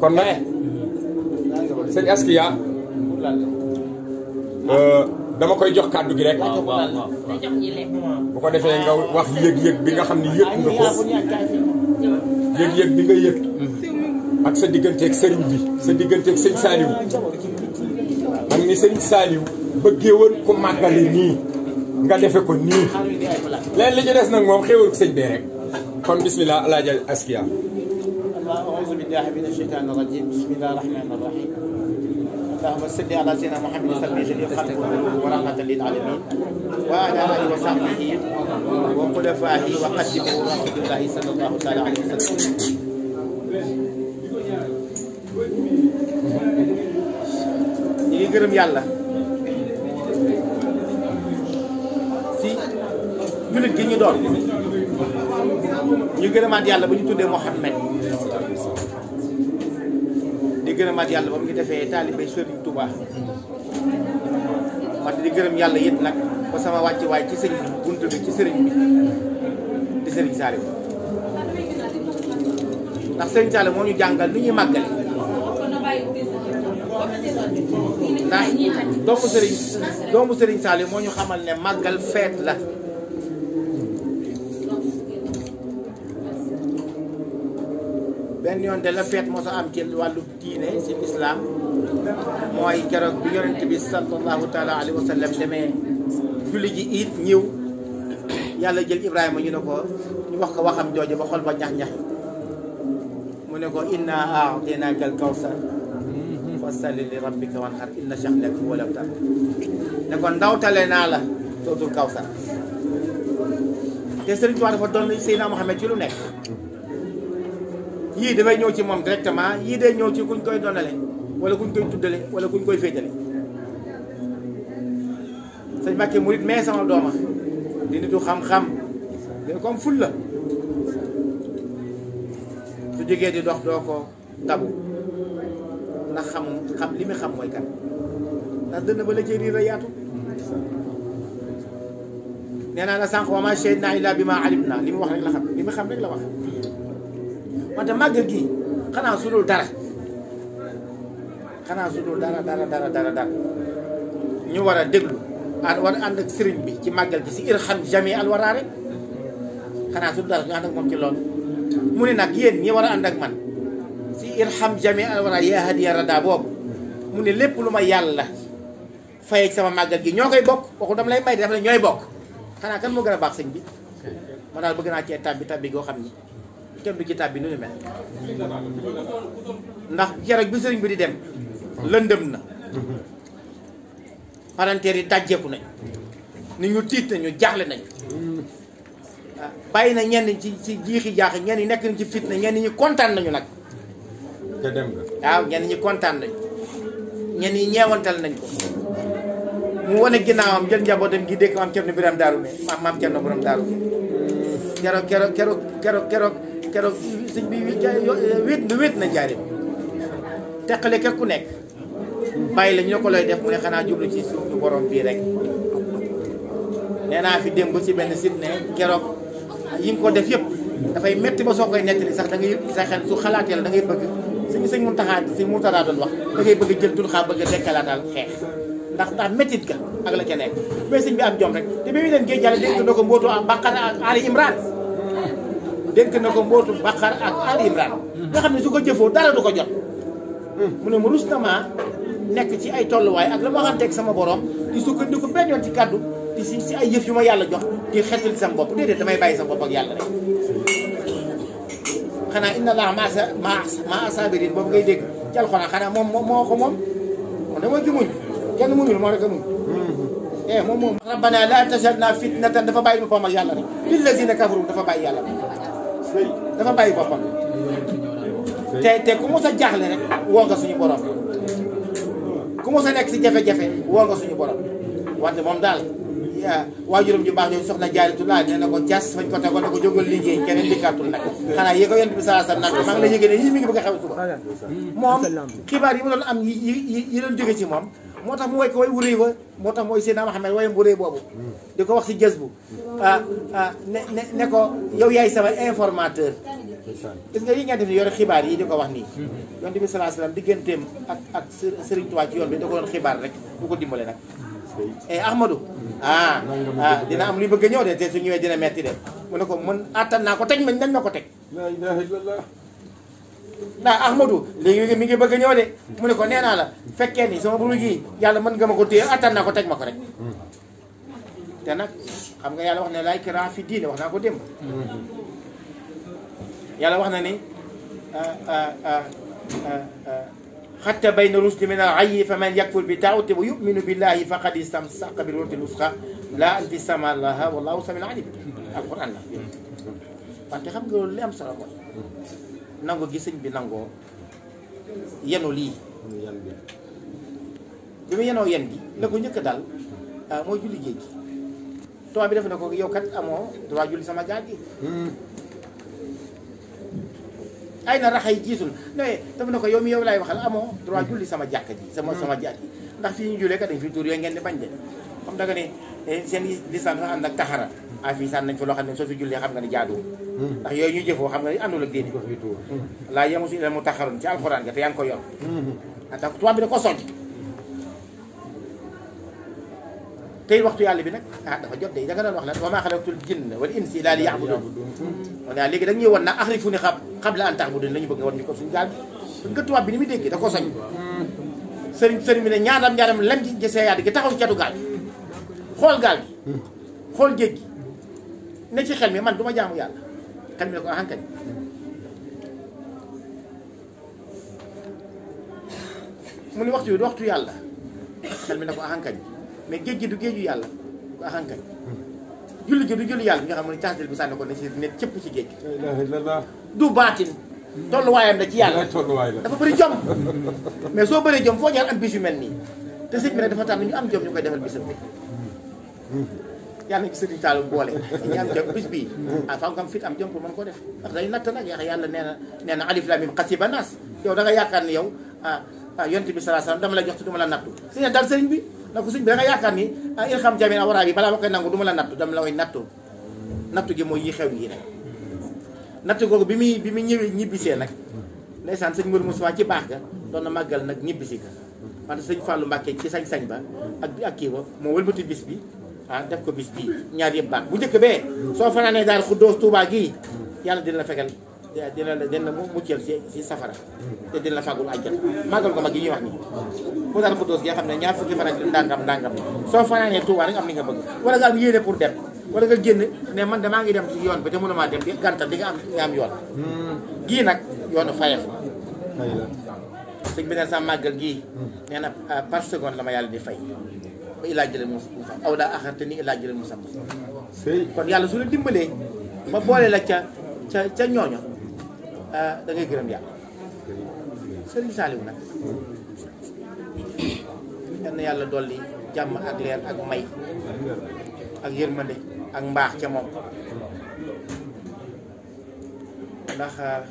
kon na eh sëñ Askia euh, dama koy jox kàddu gi rek bu ko defee nga wax yëg-yëg bi nga xam ni yëg nga ko yëg-yëg bi nga yëg ak sa digganteeg sëriñ bi sa digganteeg sëñ Saliou ak ni sëriñ Saliou bëggee woon ko màggale nii nga defe ko nii leen li ci des nag moom xéewal sëñ bee rek kon bismillah alaaja Askia بالله من الشيطان الرجيم بسم الله الرحمن الرحيم اللهم صل على سيدنا محمد سبيل الخلق ورحمة للعالمين وعلى آله وصحبه وخلفائه وقدمه رسول الله صلى الله تعالى عليه وسلم ñi gërëm yàlla si julit gi ñu doon ñu gërëmaat yàlla bu ñu tuddee Muhammad gërëmaat yàlla ba mu ñu defee taalibe Sëriñ Touba ma di gërëm yàlla yit nag ba sama wàcc waay ci sëriñ bi bunt bi ci sëriñ bi di sëriñ Saliou ndax sëriñ Saliou moo ñu jàngal lu ñuy màggale ndax doomu sëriñ doomu sëriñ Saliou moo ñu xamal ne màggal feet la benn yoon de la feet mosa am ci wàllu diine ci lislaam mooy keroog bi yonent bi sallallahu taala alayhi wa sallam demee julli ji it ñëw yàlla jël ibrahima ñu ne ko ñu wax ko waxam jooju ba xol ba ñax-ñax mu ne ko inna a'tinaka al-kawsar fasalli li rabbika wanhar inna shani'aka huwa al-abtar ne ko ndawtale naa la sootul kawsar te sëriñ Tuubaa dafa doon Seydina Muhammad ci nekk yii dafay ñëw ci moom directement yii day ñëw ci kuñ koy donale wala kuñ koy tuddale wala kuñ koy féetale sëñ Mbàkke murit mais sama dooma di nitu xam-xam comme ful la su di dox doo ndax xam xam li mu xam mooy kan ndax dënn ba la cee riir yaatu nee naa la sànq wa maa shahidnaa illaa bimaa alimnaa li mu wax rek la xam li mu xam rek la wax wante màggal gi xanaa su dul dara xanaa su dul dara dara dara dara ñu war a déglu a war a ànd ak sëriñ bi ci màggal gi si irxam jami al waraa mu ne nag war a ànd ak man si irham jami al yaa hadiya rada boobu mu ne lépp lu ma yàlla fayeeg sama màggal gi ñoo koy bokk waxu dam lay may di dafa ne ñooy bokk xanaa kan moo gën a baax sëñ bi ma daal bëgg naa cee tàbbi tàbbi goo xam ni kenn du ci tàbbi nu ñu mel ndax keroog bi sëriñ bi di dem lëndëm na palanteer yi dajjeeku nañ ni ñu tiit nañu jaaxle nañu bàyyi na ñenn ci ci jiixi jaaxi ñenn ñi nekk nañ ci fitna ñenn ñi kontaan nañu nag te dem nga waaw ñenn ñi kontaan nañu ñenn yi ñeewantal nañ ko mu wane ginnaawam jël njabootam gi dëkk maam Cerno Biram Daaru maam maam Cerno Biram Daaru keroog keroog keroog keroog keroog keroog sëñ bi eh, wét na wét na njaarim teqale ke ku nekk bàyyi la ñu ne ko looy def mu ne xanaa jublu ci suñu borom bii rek nee naa fi démb ci benn site ne keroog yi nga ko def yëpp dafay metti ba soo koy nettali sax da ngay sa xel su xalaatee la da ngay bëgg sëñ mu Muntaxa sëñ mu doon wax da ngay bëgg jël xaa bëgg dekkalaatal xeex ndax daa méttit ka ak la ca nekk mais sëñ bi am jom rek te bi muy leen géej jàll dégg nga ko mbóotoo am baqara ak Ali dénk na ko mbootu Baqar ak Ali ne su ko jëfoo dara ko jot mu ne mu rus nekk ci ay tolluwaay ak la ma sama borom di sukkandiku benn ci kàddu di si si ma yàlla jox di xettali sama bopp déedéet damay bàyyi sama bopp ak yàlla rek xanaa inna laa ma ma asaabirin boobu ngay dégg ci alxuraan xanaa moom moo ko moom moom dama ci muñ kenn muñul moo rek a muñ mm-hmm. eh moom moom rabbana la tajal naa fitnatan dafa bàyyi boppam ak yàlla rek lillazina kafaru dafa bàyyi yàlla rek dafa bàyyi boppam te te ku mos a jaaxle rek woo nga suñu borom ku mos a nekk si jafe-jafe woo nga suñu borom wante moom daal waajuram ju baax jooju soxna jaaritulaa nee na ko jas fañ ko tegoon na ko jógal liggéey keneen dikkaatul nag xanaa yée ko yent bi saa nag maa ngi la yëgée ne yii mi ngi bëgg a xew suba moom xibaar yi mu doon am yi yi doon jóge ci moom moo tax mu way ko way wuréy wa moo tax mooy Seydina Muhammad wayam wuréy boobu di ko wax si jës bu ah, ah, ne ne ne ko yow yaay sama informateur gis nga yi ngeen def ni yore xibaar yi di ko wax nii yonent bi salaa digganteem ak ak Serigne Touba ci yoon bi da ko doon xibaar rek bu ko dimbale nag eh Ahmadou ah ah dina am luy bëgg ñëw de te su ñëwee dina metti de mu ne ko mën attan naa ko teg ma nañ ma ko teg la ndax Ahmadou léegi mi ngi bëgg a ñëw de mu ne ko nee naa la fekkee ni sama buru gi yàlla mën nga ma ko téye attan naa ko teg ma ko rek te nag xam nga yàlla wax na laay kiraa fi diine wax naa ko démb yàlla wax na ni xatta ah, ah, ah, bayna rusdi min al ayyi fa man yakfur bi taawuti wa yuminu billahi faqad istamsaka bi rurti lusqa laa anfisama laha wallahu la wante xam nga loolu li am solo ko nangoo gi sëñ bi nangoo yenu lii bi mu yenoo yen gi la ko njëkk daal ah, mooy julli géej gi tubaab bi def na ko yow kat amoo droit julli sama gaal hmm. ay na raxay jiisul mais def na ko yow mi yow laay waxal amoo droit julli sama jàkk ji sama sama hmm. jaat ji ndax fii ñu jullee kat dañ fi tuur yooyu ngeen di bañ de xam da nga ne eh, seen lislaam sax ànd ak taxara afi sànn nañ fa loo xam ne soo fi jullee xam nga ne jaaduwul hmm. ndax yooyu ñu jëfoo xam nga ne àndul ak diine hmm. laa yemusu ilal mu taxaroon ci alxuraan te yaa ngi ko yor hmm. bi da ko nag ah dafa jot de da nga wax lan wa maa xalaqtul jinna wal insa illa liya'budun a ah, léegi da nga ñuy wan nag axrifuni qabla an ta'budun la ñu bëgg nga wan ñu bi nga tubaab bi ni muy déggee da ko soñ sëriñ sëriñ bi ne ñaadam ñaadam lam ci gisee yaa di taxaw ci catu gaal bi xool gaal bi xool géej ne ci xel mi man du ma jaamu yàlla xel mi ne ko ahankañ mu waxtu yàlla xel mi ne ko ahankañ mais géej gi du géeju yàlla ko ahankañ julli gi du julli yàlla bi nga xam ne caas bi sànni ko ne ci ne cëpp ci géej gi du baatin tolluwaayam na ci yàlla dafa bëri jom mais soo bëree jom foo ñaan am bis yu mel nii te sëñ bi nag dafa tànn ñu am jom ñu koy defal bisam bi yàlla na ci sëriñ Sall boole ñu am jom bis bii ah faaw nga am fit am jom pour mën ko def ndax dañu natt nag yax yàlla nee na nee na alif lam mim xasiba naas yow da nga yaakaar ni yow ah ah yonent bi salaa salaam dama la jox te du ma la nattu si ne daal sëriñ bi ndax ko sëriñ bi da nga yaakaar ni ah, il xam jamin awara bi balaa ma koy nangu du ma la nattu dama la koy nattu nattu gi mooy yi xew yi rek nattu googu bi muy bi muy ñëwee ñibbisee nag ndeysaan sëñ Mourou Moussa ci baax ga doon na màggal nag ñibbisi ka wante sëñ Fallou Mbacke ci sañ-sañ ba ak ak kii ba moo wëlbati bis bi ah def ko bis bii ñaar yëpp baax bu jëkk bee soo fanaanee daal xuddoos tuubaa gii yàlla dina la fegal dina la dina la muccal si si safara te dina la fàggul àjjal màggal ko mag yi ñuy wax nii mu daal xuddoos gi xam ne ñaar fukki fan ak ndàngam ndàngam soo fanaanee tuubaa rek am li nga bëgg wala nga am yéene pour dem wala nga génn ne man damaa ngi dem si yoon bi te mënumaa dem di gàntal di nga am nga am yoon gii nag yoonu fayef sëñ bi ne sa màggal gii hmm. nee na ah, par la ma yàlla di fay ilaa jëlal moo sam aw daa axarte ni ilaa jëlal moo sam kon yàlla su la dimbalee ba boole la ca ca ca ñooño ah, da gërëm yàlla sëriñ Saaliw nag yal yàlla dolli jàmm ak leer ak may ak yërmande ak mbaax ca moom ndax ah,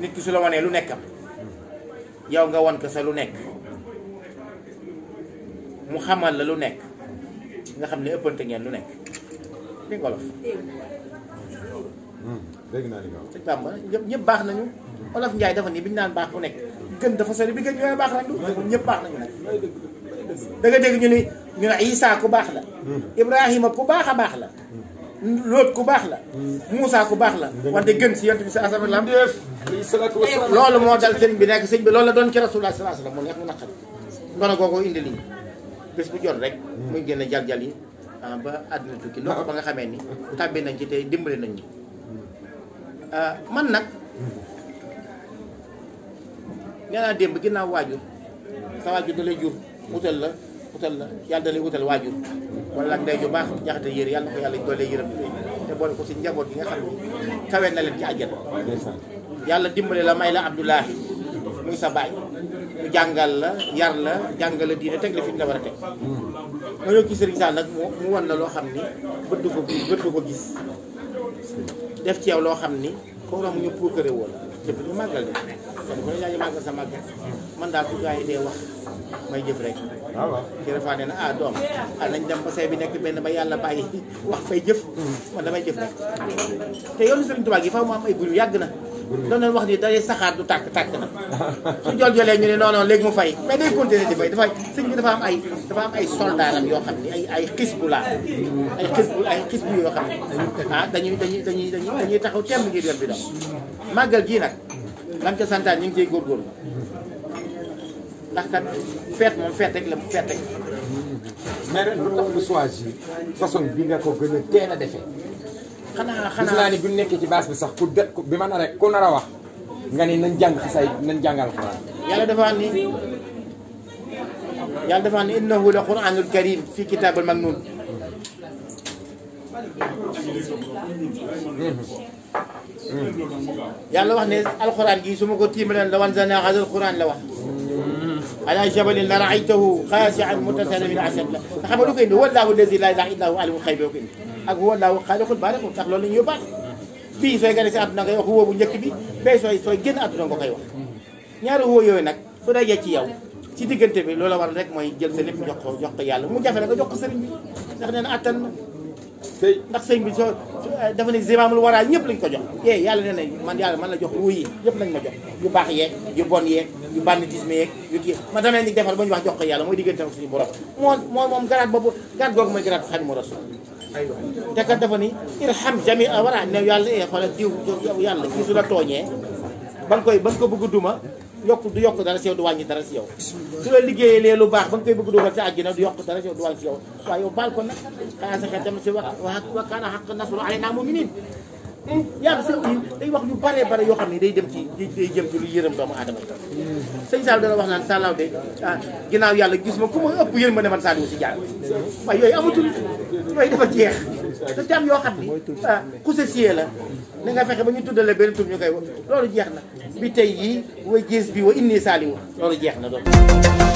nit ki su la wanee lu nekkam yow nga won ko sa lu nekk mu xamal la lu nekk nga xam ne ëppante ngeen lu nekk di ngolof hmm, dégg naa li nga wax. Bamba ñëpp ñëpp baax nañu. olof Njaay dafa ni bi ñu naan baax bu nekk. gën dafa sori bi gën ñooy baax rek lu baax nañu nag. da nga dégg ñu ni ñu ne Isa ku baax la. Hmm. Ibrahima ku baax a baax la. Hmm. Lóot ku baax la. Moussa ku baax la. wante gën si yonent bi sa asama la am. loolu moo dal sëñ bi nekk sëñ bi loolu la doon ci Rasulullah sallallahu alayhi wasallam mu neex mu naqari. ngoone googu indi lii. bés bu jot rek. Hmm. muy gën a jaljal yi ah, ba àddina tukki ndox ba nga xamee ni. Ah. tàbbi nañ ci tey dimbali nañ ñi ah, man nag. Hmm. nee naa démb ginnaaw waajur sa waajur da jur wutal la wutal la yàlla da lay wutal waajur wala ak day ju baax jaxate yére yàlla ko yàlla doole yërëm te boole ko si njaboot yi nga xam ne kawe na leen ci àjjana yàlla dimbale la may la Abdoulahi muy sa baay ñu jàngal la yar la jàngal la diine teg la fi ñu la war a teg. nga ñëw ci sëriñ Sall nag mu mu wan la loo xam ni bët du ko bët du ko gis. def ci yow loo xam ni koo xam ñu procuré woon jëf ñu màggal de kon bu la yaa ngi màggal sa màggal man daal ku gars dee wax may jëf rek. Ah, waaw waaw ci refaa nee na ah doom ah nañ dem ba bi nekk benn ba yàlla bàyyi wax fay jëf. Hmm. man damay jëf rek te yoonu sëriñ Tuubaa gi faaw mu am ay buru yàgg na. doon leen wax ni day saxaat du tàkk tàkk na su jol jolee ñu ne non léegi mu fay mais day continuer di fay dafay dafa am ay dafa am ay soldaaram yoo xam ne ay ay xisbu laa ay xisbu ay xisbu yoo xam ne ah dañuy dañuy dañuy dañuy taxaw temb ngir yoon bi dox màggal gii nag lam ca ñu ngi ciy góorgóorlu ndax kat feet moom feet rek la feet rek mais lu tax lu choisir façon bi nga ko gën a teel a defee xanaa xanaa gis naa ni bu nekkee ci baas bi sax ku de bi ma nar a ku nar a wax nga ni nañ jàng xasay nañ jàngal xuraan. yàlla dafa ni yàlla dafa ni innahu la quraanul karim fii kitaabul maknuun yàlla wax ne alxuraan gi su ma ko tiimaleen la wan zana hadal alxuraan la wax. ala jabalin la raaytahu xaasian mutasallimin asad la te xam nga lu ko indi wallaahu lazi laa ilaaha illaa huwa alimul xaybi ko indi. ak wallaahu xaaliqul baariqu ndax loolu la ñuy yóbbaale bii woo bu njëkk bi bee sooy sooy génn àdduna nga koy wax ñaari woo yooyu nag su dajee ci yow ci diggante bi loola war rek mooy jël jox ko mu jafe la nga jox ko sëriñ bi ndax nee na attan ndax sëriñ bi soo dafa ne zimaamul waraa ñëpp lañ ko jox yee yàlla na man yàlla man jox ruu yi yëpp lañ ma jox yu baax ni defar ba wax jox ko yàlla mooy diggante ak suñu borom moo moo moom garaat boobu garaat googu mooy garaat Xaadimu Rasuul te kat dafa ni irham jami a wara ne yàlla e xoolal diw yàlla kii su la tooñee ba nga koy ba nga ko bëgg duma yokk du yokk dara si yow du wàññi dara si yow su la liggéeyee lee lu baax ba nga koy bëgg dugal si àjjina du yokk dara si yow du wàññi si yow waaye yow baal ko nag xanaa sa xel dem si wa wa kaana xaq nasru alayna muminin Eh, yàlla sëñ bi day wax lu bare bare yoo xam ne day dem ci day jëm ci lu yërëm doomu aadama sëñ Sall dana wax naan Sallaw de ah ginnaaw yàlla gis ma ku ma ëpp yërëm ma ne man Saliou si jaar waaye yooyu amatul yooyu dafa jeex te am yoo xam ni ah ku sa siyee la na nga fexe ba ñu tuddale benn tur ñu koy wax loolu jeex na bi tey yii wa gis bi wa inni Saliou loolu jeex na doon